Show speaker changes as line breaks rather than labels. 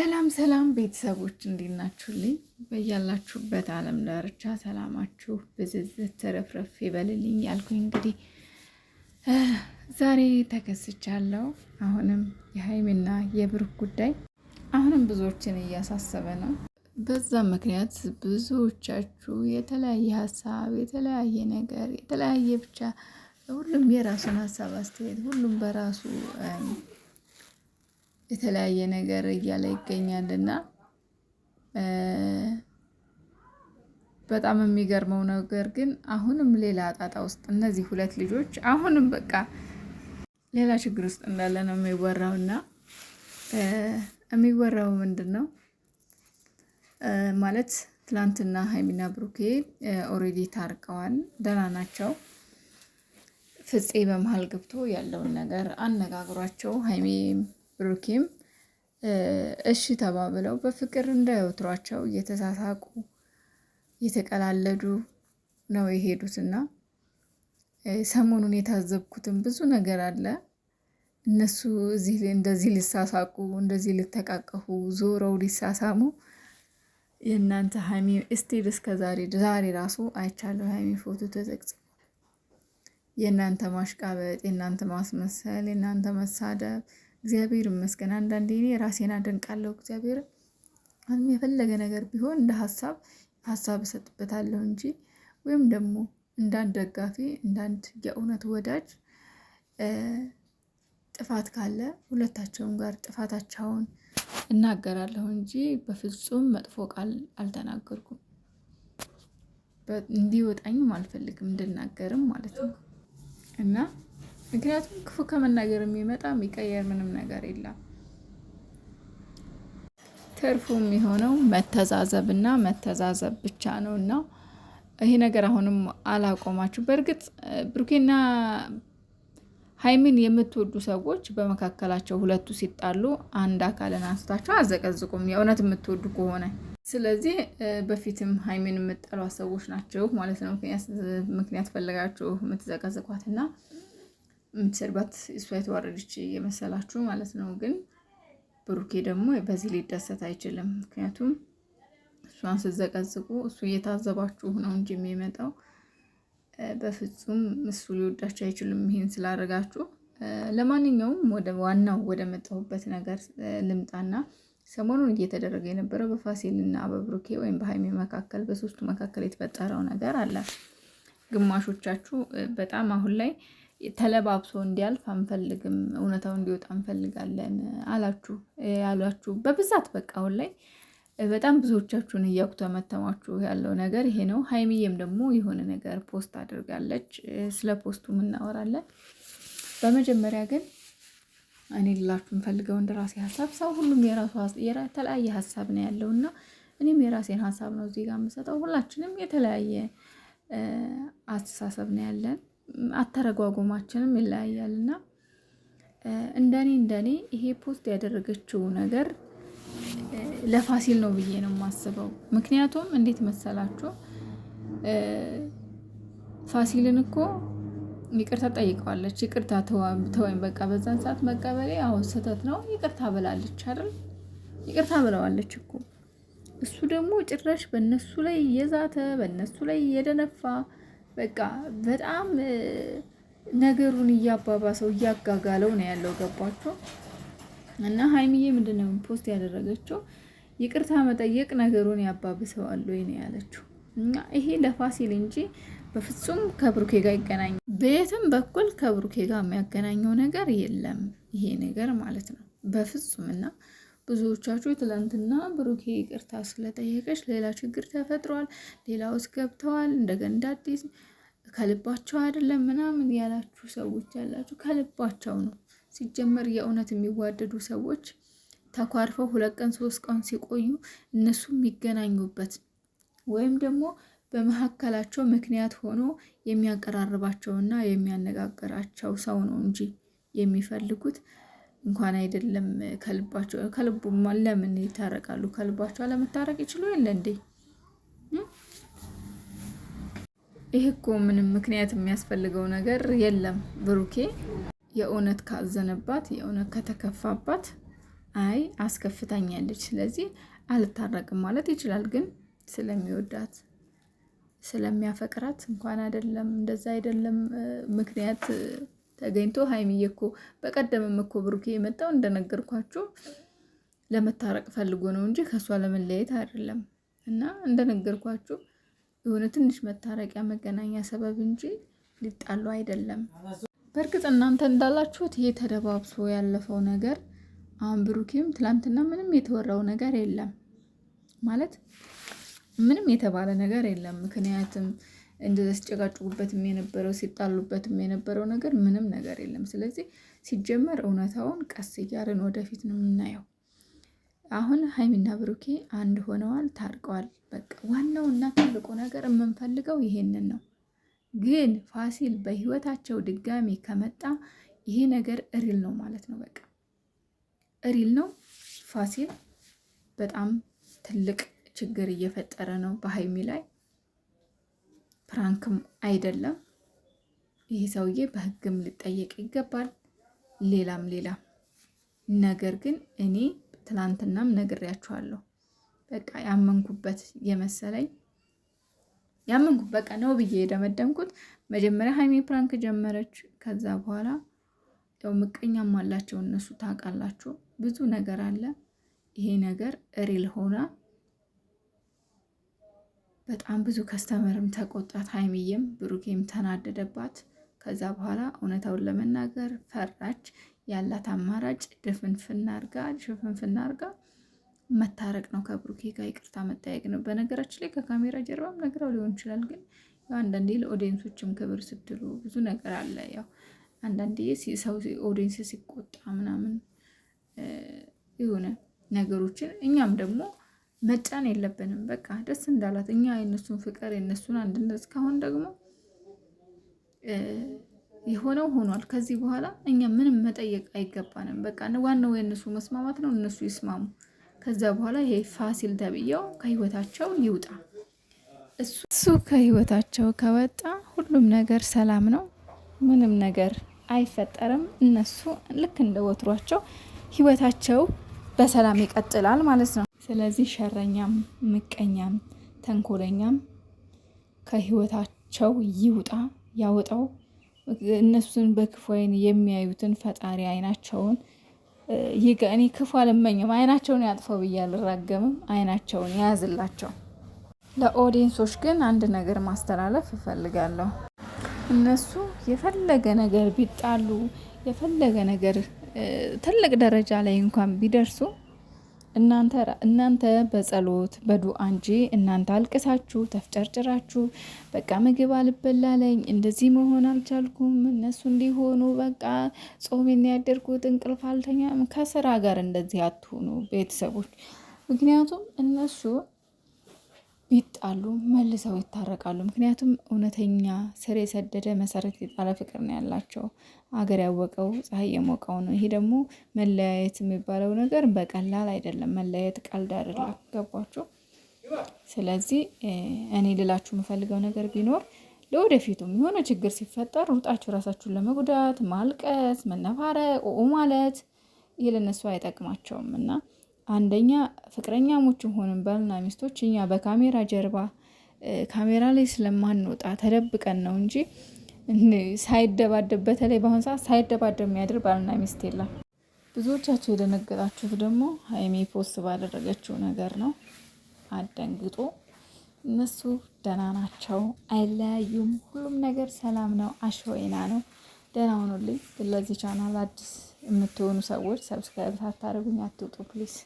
ሰላም ሰላም ቤተሰቦች እንዴት ናችሁልኝ? በያላችሁበት ዓለም ዳርቻ ሰላማችሁ ብዝዝት ተረፍረፍ ይበልልኝ ያልኩኝ እንግዲህ ዛሬ ተከስቻለሁ። አሁንም የሀይሚና የብሩክ ጉዳይ አሁንም ብዙዎችን እያሳሰበ ነው። በዛ ምክንያት ብዙዎቻችሁ የተለያየ ሀሳብ፣ የተለያየ ነገር፣ የተለያየ ብቻ ሁሉም የራሱን ሀሳብ አስተያየት፣ ሁሉም በራሱ የተለያየ ነገር እያለ ይገኛልና በጣም የሚገርመው ነገር ግን አሁንም ሌላ አጣጣ ውስጥ እነዚህ ሁለት ልጆች አሁንም በቃ ሌላ ችግር ውስጥ እንዳለ ነው የሚወራው። እና የሚወራው ምንድን ነው ማለት ትላንትና ሀይሚና ብሩኬ ኦሬዲ ታርቀዋል፣ ደህና ናቸው። ፍፄ በመሀል ገብቶ ያለውን ነገር አነጋግሯቸው ሀይሜ ብሩኬም እሺ ተባብለው በፍቅር እንዳይወትሯቸው እየተሳሳቁ እየተቀላለዱ ነው የሄዱት የሄዱትና ሰሞኑን የታዘብኩትም ብዙ ነገር አለ። እነሱ እንደዚህ ሊሳሳቁ እንደዚህ ሊተቃቀፉ ዞረው ሊሳሳሙ የእናንተ ሀይሚ እስቴድ እስከ ዛሬ ዛሬ ራሱ አይቻለሁ። ሀይሚ ፎቶ ተዘግጽ የእናንተ ማሽቃበጥ፣ የእናንተ ማስመሰል፣ የእናንተ መሳደብ እግዚአብሔር ይመስገን። አንዳንዴ እኔ ራሴን አደንቃለሁ። አሁንም የፈለገ ነገር ቢሆን እንደ ሀሳብ ሀሳብ እሰጥበታለሁ እንጂ ወይም ደግሞ እንዳንድ ደጋፊ እንዳንድ የእውነት ወዳጅ ጥፋት ካለ ሁለታቸውም ጋር ጥፋታቸውን እናገራለሁ እንጂ በፍጹም መጥፎ ቃል አልተናገርኩም። እንዲወጣኝም አልፈልግም እንድናገርም ማለት ነው እና ምክንያቱም ክፉ ከመናገር የሚመጣ የሚቀየር ምንም ነገር የለም። ትርፉ የሚሆነው መተዛዘብ እና መተዛዘብ ብቻ ነው እና ይሄ ነገር አሁንም አላቆማችሁ። በእርግጥ ብሩኬና ሀይሚን የምትወዱ ሰዎች በመካከላቸው ሁለቱ ሲጣሉ አንድ አካልን አንስታቸው አዘቀዝቁም፣ የእውነት የምትወዱ ከሆነ ስለዚህ በፊትም ሀይሚን የምጠሏት ሰዎች ናቸው ማለት ነው። ምክንያት ፈልጋችሁ የምትዘቀዝቋት እና ምትሰርባት እሷ የተዋረደች የመሰላችሁ ማለት ነው። ግን ብሩኬ ደግሞ በዚህ ሊደሰት አይችልም። ምክንያቱም እሷን ስትዘቀዝቁ እሱ እየታዘባችሁ ነው እንጂ የሚመጣው በፍጹም እሱ ሊወዳችሁ አይችልም፣ ይህን ስላደረጋችሁ። ለማንኛውም ወደ ዋናው ወደ መጣሁበት ነገር ልምጣና ሰሞኑን እየተደረገ የነበረው በፋሲልና በብሩኬ ወይም በሀይሜ መካከል በሶስቱ መካከል የተፈጠረው ነገር አለ። ግማሾቻችሁ በጣም አሁን ላይ ተለባብሶ እንዲያልፍ አንፈልግም፣ እውነታው እንዲወጣ እንፈልጋለን አላችሁ ያሏችሁ በብዛት በቃ አሁን ላይ በጣም ብዙዎቻችሁን እያኩተመተማችሁ ያለው ነገር ይሄ ነው። ሀይሚዬም ደግሞ የሆነ ነገር ፖስት አድርጋለች። ስለ ፖስቱም እናወራለን። በመጀመሪያ ግን እኔ ልላችሁ የምፈልገው እንደ ራሴ ሀሳብ ሰው ሁሉም የራሱ የተለያየ ሀሳብ ነው ያለው እና እኔም የራሴን ሀሳብ ነው እዚህ ጋር የምሰጠው። ሁላችንም የተለያየ አስተሳሰብ ነው ያለን አተረጓጎማችንም ይለያያል እና እንደኔ እንደኔ ይሄ ፖስት ያደረገችው ነገር ለፋሲል ነው ብዬ ነው የማስበው። ምክንያቱም እንዴት መሰላችሁ ፋሲልን እኮ ይቅርታ ጠይቀዋለች። ይቅርታ ተወይም በቃ በዛን ሰዓት መቀበሌ አሁን ስህተት ነው ይቅርታ ብላለች አይደል? ይቅርታ ብለዋለች እኮ እሱ ደግሞ ጭራሽ በእነሱ ላይ እየዛተ በእነሱ ላይ እየደነፋ በቃ በጣም ነገሩን እያባባሰው እያጋጋለው ነው ያለው። ገባቸው እና ሀይሚዬ ምንድነው ፖስት ያደረገችው? ይቅርታ መጠየቅ ነገሩን ያባብሰዋል ወይ ነው ያለችው። እና ይሄ ለፋሲል እንጂ በፍጹም ከብሩኬ ጋር ይገናኝ በየትም በኩል ከብሩኬ ጋር የሚያገናኘው ነገር የለም ይሄ ነገር ማለት ነው በፍጹም እና ብዙዎቻችሁ ትላንትና ብሩኬ ይቅርታ ስለጠየቀች ሌላ ችግር ተፈጥሯል፣ ሌላ ውስጥ ገብተዋል እንደገና እንደ አዲስ ከልባቸው አይደለም ምናምን ያላችሁ ሰዎች ያላችሁ ከልባቸው ነው። ሲጀመር የእውነት የሚዋደዱ ሰዎች ተኳርፈው ሁለት ቀን ሶስት ቀን ሲቆዩ እነሱ የሚገናኙበት ወይም ደግሞ በመካከላቸው ምክንያት ሆኖ የሚያቀራርባቸውና የሚያነጋግራቸው ሰው ነው እንጂ የሚፈልጉት እንኳን አይደለም ከልባቸው ከልቡ ለምን ይታረቃሉ? ከልባቸው አለመታረቅ ይችሉ የለ እንዴ? ይህ እኮ ምንም ምክንያት የሚያስፈልገው ነገር የለም። ብሩኬ የእውነት ካዘነባት፣ የእውነት ከተከፋባት አይ አስከፍታኛለች፣ ስለዚህ አልታረቅም ማለት ይችላል። ግን ስለሚወዳት ስለሚያፈቅራት እንኳን አይደለም እንደዛ አይደለም ምክንያት ተገኝቶ ሀይሚዬ እኮ በቀደምም እኮ ብሩኬ የመጣው እንደነገርኳችሁ ለመታረቅ ፈልጎ ነው እንጂ ከእሷ ለመለየት አይደለም እና እንደነገርኳችሁ የሆነ ትንሽ መታረቂያ መገናኛ ሰበብ እንጂ ሊጣሉ አይደለም። በእርግጥ እናንተ እንዳላችሁት ይሄ ተደባብሶ ያለፈው ነገር አሁን ብሩኪም ትላንትና ምንም የተወራው ነገር የለም ማለት ምንም የተባለ ነገር የለም። ምክንያትም እንደዛ ሲጨቃጭቁበትም የነበረው ሲጣሉበትም የነበረው ነገር ምንም ነገር የለም። ስለዚህ ሲጀመር እውነታውን ቀስ እያልን ወደፊት ነው የምናየው። አሁን ሀይሚና ብሩኬ አንድ ሆነዋል፣ ታርቀዋል። በቃ ዋናው እና ትልቁ ነገር የምንፈልገው ይሄንን ነው። ግን ፋሲል በህይወታቸው ድጋሚ ከመጣ ይሄ ነገር እሪል ነው ማለት ነው። በቃ እሪል ነው። ፋሲል በጣም ትልቅ ችግር እየፈጠረ ነው በሀይሚ ላይ። ፕራንክም አይደለም ይህ ሰውዬ በህግም ሊጠየቅ ይገባል። ሌላም ሌላም ነገር ግን እኔ ትናንትናም ነግሬያችኋለሁ። በቃ ያመንኩበት የመሰለኝ ያመንኩ በቃ ነው ብዬ የደመደምኩት መጀመሪያ ሀይሚ ፕራንክ ጀመረች። ከዛ በኋላ ያው ምቀኛም አላቸው እነሱ ታውቃላችሁ፣ ብዙ ነገር አለ። ይሄ ነገር ሪል ሆና በጣም ብዙ ከስተመርም ተቆጣት፣ ሀይሚዬም ብሩኬም ተናደደባት። ከዛ በኋላ እውነታውን ለመናገር ፈራች። ያላት አማራጭ ድፍንፍና አርጋ ሽፍንፍና አርጋ መታረቅ ነው ከብሩኬ ጋር ይቅርታ መጠያየቅ ነው። በነገራችን ላይ ከካሜራ ጀርባም ነግራው ሊሆን ይችላል። ግን አንዳንዴ ለኦዲየንሶችም ክብር ስትሉ ብዙ ነገር አለ። ያው አንዳንዴ ሰው ኦዲየንስ ሲቆጣ ምናምን የሆነ ነገሮችን እኛም ደግሞ መጫን የለብንም። በቃ ደስ እንዳላት እኛ የእነሱን ፍቅር የእነሱን አንድነት እስካሁን ደግሞ የሆነው ሆኗል። ከዚህ በኋላ እኛ ምንም መጠየቅ አይገባንም። በቃ ዋናው የእነሱ መስማማት ነው። እነሱ ይስማሙ። ከዛ በኋላ ይሄ ፋሲል ተብዬው ከህይወታቸው ይውጣ። እሱ ከህይወታቸው ከወጣ ሁሉም ነገር ሰላም ነው። ምንም ነገር አይፈጠርም። እነሱ ልክ እንደ ወትሯቸው ህይወታቸው በሰላም ይቀጥላል ማለት ነው። ስለዚህ ሸረኛም፣ ምቀኛም፣ ተንኮለኛም ከህይወታቸው ይውጣ ያወጣው እነሱን በክፉ አይን የሚያዩትን ፈጣሪ አይናቸውን እኔ ክፉ አልመኝም። አይናቸውን ያጥፈው ብዬ አልራገምም። አይናቸውን የያዝላቸው። ለኦዲየንሶች ግን አንድ ነገር ማስተላለፍ እፈልጋለሁ። እነሱ የፈለገ ነገር ቢጣሉ የፈለገ ነገር ትልቅ ደረጃ ላይ እንኳን ቢደርሱ እናንተ በጸሎት በዱ እንጂ እናንተ አልቅሳችሁ ተፍጨርጭራችሁ በቃ ምግብ አልበላለኝ እንደዚህ መሆን አልቻልኩም፣ እነሱ እንዲሆኑ በቃ ጾም የሚያደርጉት እንቅልፍ አልተኛም። ከስራ ጋር እንደዚህ አትሆኑ ቤተሰቦች፣ ምክንያቱም እነሱ ይጣሉ መልሰው ይታረቃሉ። ምክንያቱም እውነተኛ ስር የሰደደ መሰረት የጣለ ፍቅር ነው ያላቸው። አገር ያወቀው ፀሐይ የሞቀው ነው። ይሄ ደግሞ መለያየት የሚባለው ነገር በቀላል አይደለም። መለያየት ቀልድ አይደለም። ገባችሁ? ስለዚህ እኔ ልላችሁ የምፈልገው ነገር ቢኖር ለወደፊቱም የሆነ ችግር ሲፈጠር ሩጣችሁ ራሳችሁን ለመጉዳት ማልቀስ፣ መነፋረቅ፣ ኡ ማለት ይህ ለነሱ አይጠቅማቸውም እና አንደኛ ፍቅረኛሞችም ሆንን ባልና ሚስቶች እኛ በካሜራ ጀርባ ካሜራ ላይ ስለማንወጣ ተደብቀን ነው እንጂ ሳይደባደብ በተለይ በአሁኑ ሰዓት ሳይደባደብ የሚያድር ባልና ሚስት የለም። ብዙዎቻቸው የደነገጣችሁት ደግሞ ሀይሜ ፖስት ባደረገችው ነገር ነው። አደንግጦ እነሱ ደህና ናቸው፣ አይለያዩም፣ ሁሉም ነገር ሰላም ነው፣ አሸወይና ነው። ደህና ሆኖልኝ። ለዚህ ቻናል አዲስ የምትሆኑ ሰዎች ሰብስክራይብ ሳታደርጉኝ አትውጡ ፕሊስ።